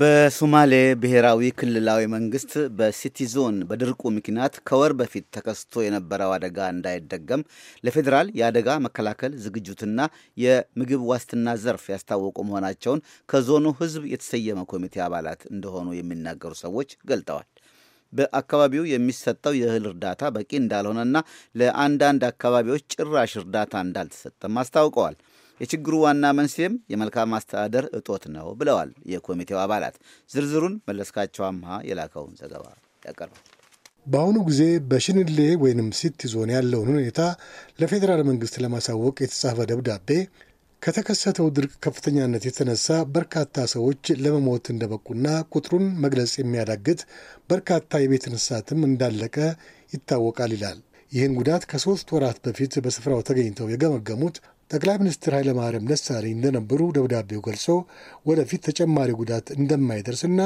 በሶማሌ ብሔራዊ ክልላዊ መንግስት በሲቲ ዞን በድርቁ ምክንያት ከወር በፊት ተከስቶ የነበረው አደጋ እንዳይደገም ለፌዴራል የአደጋ መከላከል ዝግጁትና የምግብ ዋስትና ዘርፍ ያስታወቁ መሆናቸውን ከዞኑ ሕዝብ የተሰየመ ኮሚቴ አባላት እንደሆኑ የሚናገሩ ሰዎች ገልጠዋል። በአካባቢው የሚሰጠው የእህል እርዳታ በቂ እንዳልሆነና ለአንዳንድ አካባቢዎች ጭራሽ እርዳታ እንዳልተሰጠም አስታውቀዋል። የችግሩ ዋና መንስኤም የመልካም አስተዳደር እጦት ነው ብለዋል የኮሚቴው አባላት። ዝርዝሩን መለስካቸው አምሃ የላከውን ዘገባ ያቀርባል። በአሁኑ ጊዜ በሽንሌ ወይንም ሲቲ ዞን ያለውን ሁኔታ ለፌዴራል መንግስት ለማሳወቅ የተጻፈ ደብዳቤ ከተከሰተው ድርቅ ከፍተኛነት የተነሳ በርካታ ሰዎች ለመሞት እንደበቁና ቁጥሩን መግለጽ የሚያዳግት በርካታ የቤት እንስሳትም እንዳለቀ ይታወቃል ይላል። ይህን ጉዳት ከሶስት ወራት በፊት በስፍራው ተገኝተው የገመገሙት ጠቅላይ ሚኒስትር ኃይለማርያም ደሳለኝ እንደነበሩ ደብዳቤው ገልጾ ወደፊት ተጨማሪ ጉዳት እንደማይደርስና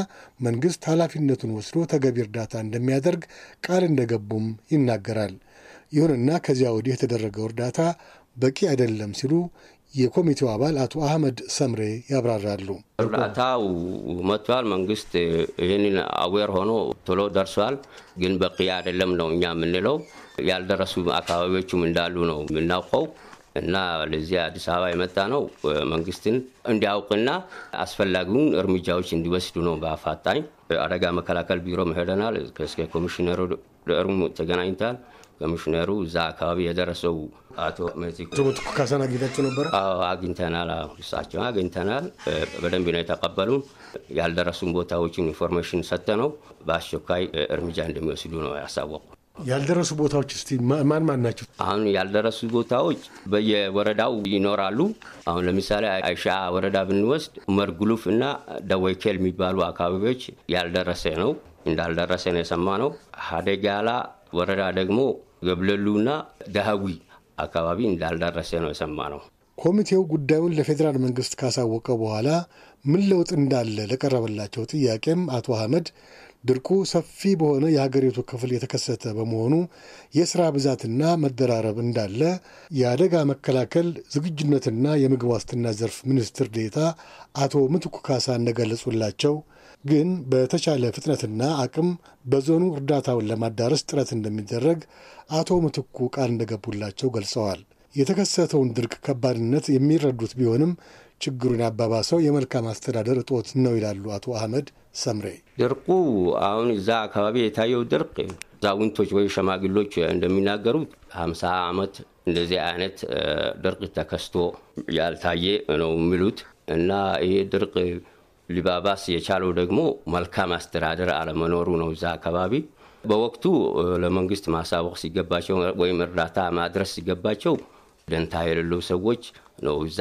መንግስት ኃላፊነቱን ወስዶ ተገቢ እርዳታ እንደሚያደርግ ቃል እንደገቡም ይናገራል። ይሁንና ከዚያ ወዲህ የተደረገው እርዳታ በቂ አይደለም ሲሉ የኮሚቴው አባል አቶ አህመድ ሰምሬ ያብራራሉ። እርዳታው መጥቷል። መንግስት ይህንን አዌር ሆኖ ቶሎ ደርሷል፣ ግን በቂ አይደለም ነው እኛ የምንለው። ያልደረሱ አካባቢዎችም እንዳሉ ነው የምናውቀው። እና ለዚያ አዲስ አበባ የመጣ ነው መንግስትን እንዲያውቅና አስፈላጊውን እርምጃዎች እንዲወስዱ ነው። በአፋጣኝ አደጋ መከላከል ቢሮ መሄደናል። እስከ ኮሚሽነሩ ደርሙ ተገናኝታል። ኮሚሽነሩ እዛ አካባቢ የደረሰው አቶ መቲኩ ካሳን አግኝታችሁ ነበረ? አግኝተናል። እሳቸውን አግኝተናል። በደንብ ነው የተቀበሉን። ያልደረሱን ቦታዎችን ኢንፎርሜሽን ሰጥተ ነው። በአስቸኳይ እርምጃ እንደሚወስዱ ነው ያሳወቁ ያልደረሱ ቦታዎች እስቲ ማን ማን ናቸው? አሁን ያልደረሱ ቦታዎች በየወረዳው ይኖራሉ። አሁን ለምሳሌ አይሻ ወረዳ ብንወስድ ጉሉፍ እና ደወይኬል የሚባሉ አካባቢዎች ያልደረሰ ነው እንዳልደረሰ ነው የሰማ ነው። ሀደጋላ ወረዳ ደግሞ ገብለሉና ዳህዊ አካባቢ እንዳልደረሰ ነው የሰማ ነው። ኮሚቴው ጉዳዩን ለፌዴራል መንግስት ካሳወቀ በኋላ ምን ለውጥ እንዳለ ለቀረበላቸው ጥያቄም አቶ አህመድ ድርቁ ሰፊ በሆነ የሀገሪቱ ክፍል የተከሰተ በመሆኑ የሥራ ብዛትና መደራረብ እንዳለ የአደጋ መከላከል ዝግጁነትና የምግብ ዋስትና ዘርፍ ሚኒስትር ዴታ አቶ ምትኩ ካሳ እንደገለጹላቸው ግን በተቻለ ፍጥነትና አቅም በዞኑ እርዳታውን ለማዳረስ ጥረት እንደሚደረግ አቶ ምትኩ ቃል እንደገቡላቸው ገልጸዋል። የተከሰተውን ድርቅ ከባድነት የሚረዱት ቢሆንም ችግሩን ያባባሰው የመልካም አስተዳደር እጦት ነው ይላሉ አቶ አህመድ ሰምሬ። ድርቁ አሁን እዛ አካባቢ የታየው ድርቅ አዛውንቶች ወይ ሸማግሎች እንደሚናገሩት ሀምሳ ዓመት እንደዚህ አይነት ድርቅ ተከስቶ ያልታየ ነው የሚሉት እና ይሄ ድርቅ ሊባባስ የቻለው ደግሞ መልካም አስተዳደር አለመኖሩ ነው። እዛ አካባቢ በወቅቱ ለመንግስት ማሳወቅ ሲገባቸው ወይም እርዳታ ማድረስ ሲገባቸው ደንታ የሌለው ሰዎች ነው እዛ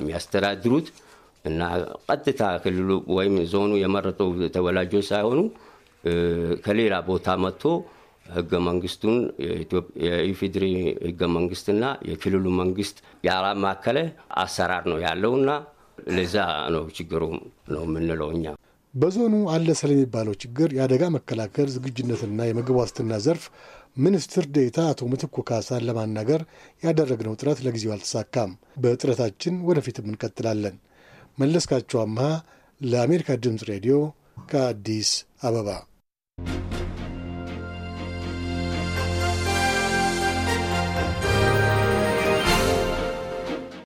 የሚያስተዳድሩት እና ቀጥታ ክልሉ ወይም ዞኑ የመረጠው ተወላጆች ሳይሆኑ ከሌላ ቦታ መጥቶ ህገ መንግስቱን የኢፌድሪ ህገ መንግስትና የክልሉ መንግስት ያላማከለ አሰራር ነው ያለውና ለዛ ነው ችግሩ ነው የምንለው እኛ። በዞኑ አለ ስለሚባለው ችግር የአደጋ መከላከል ዝግጁነትና የምግብ ዋስትና ዘርፍ ሚኒስትር ዴታ አቶ ምትኩ ካሳን ለማናገር ያደረግነው ጥረት ለጊዜው አልተሳካም። በጥረታችን ወደፊትም እንቀጥላለን። መለስካቸው አምሃ ለአሜሪካ ድምፅ ሬዲዮ ከአዲስ አበባ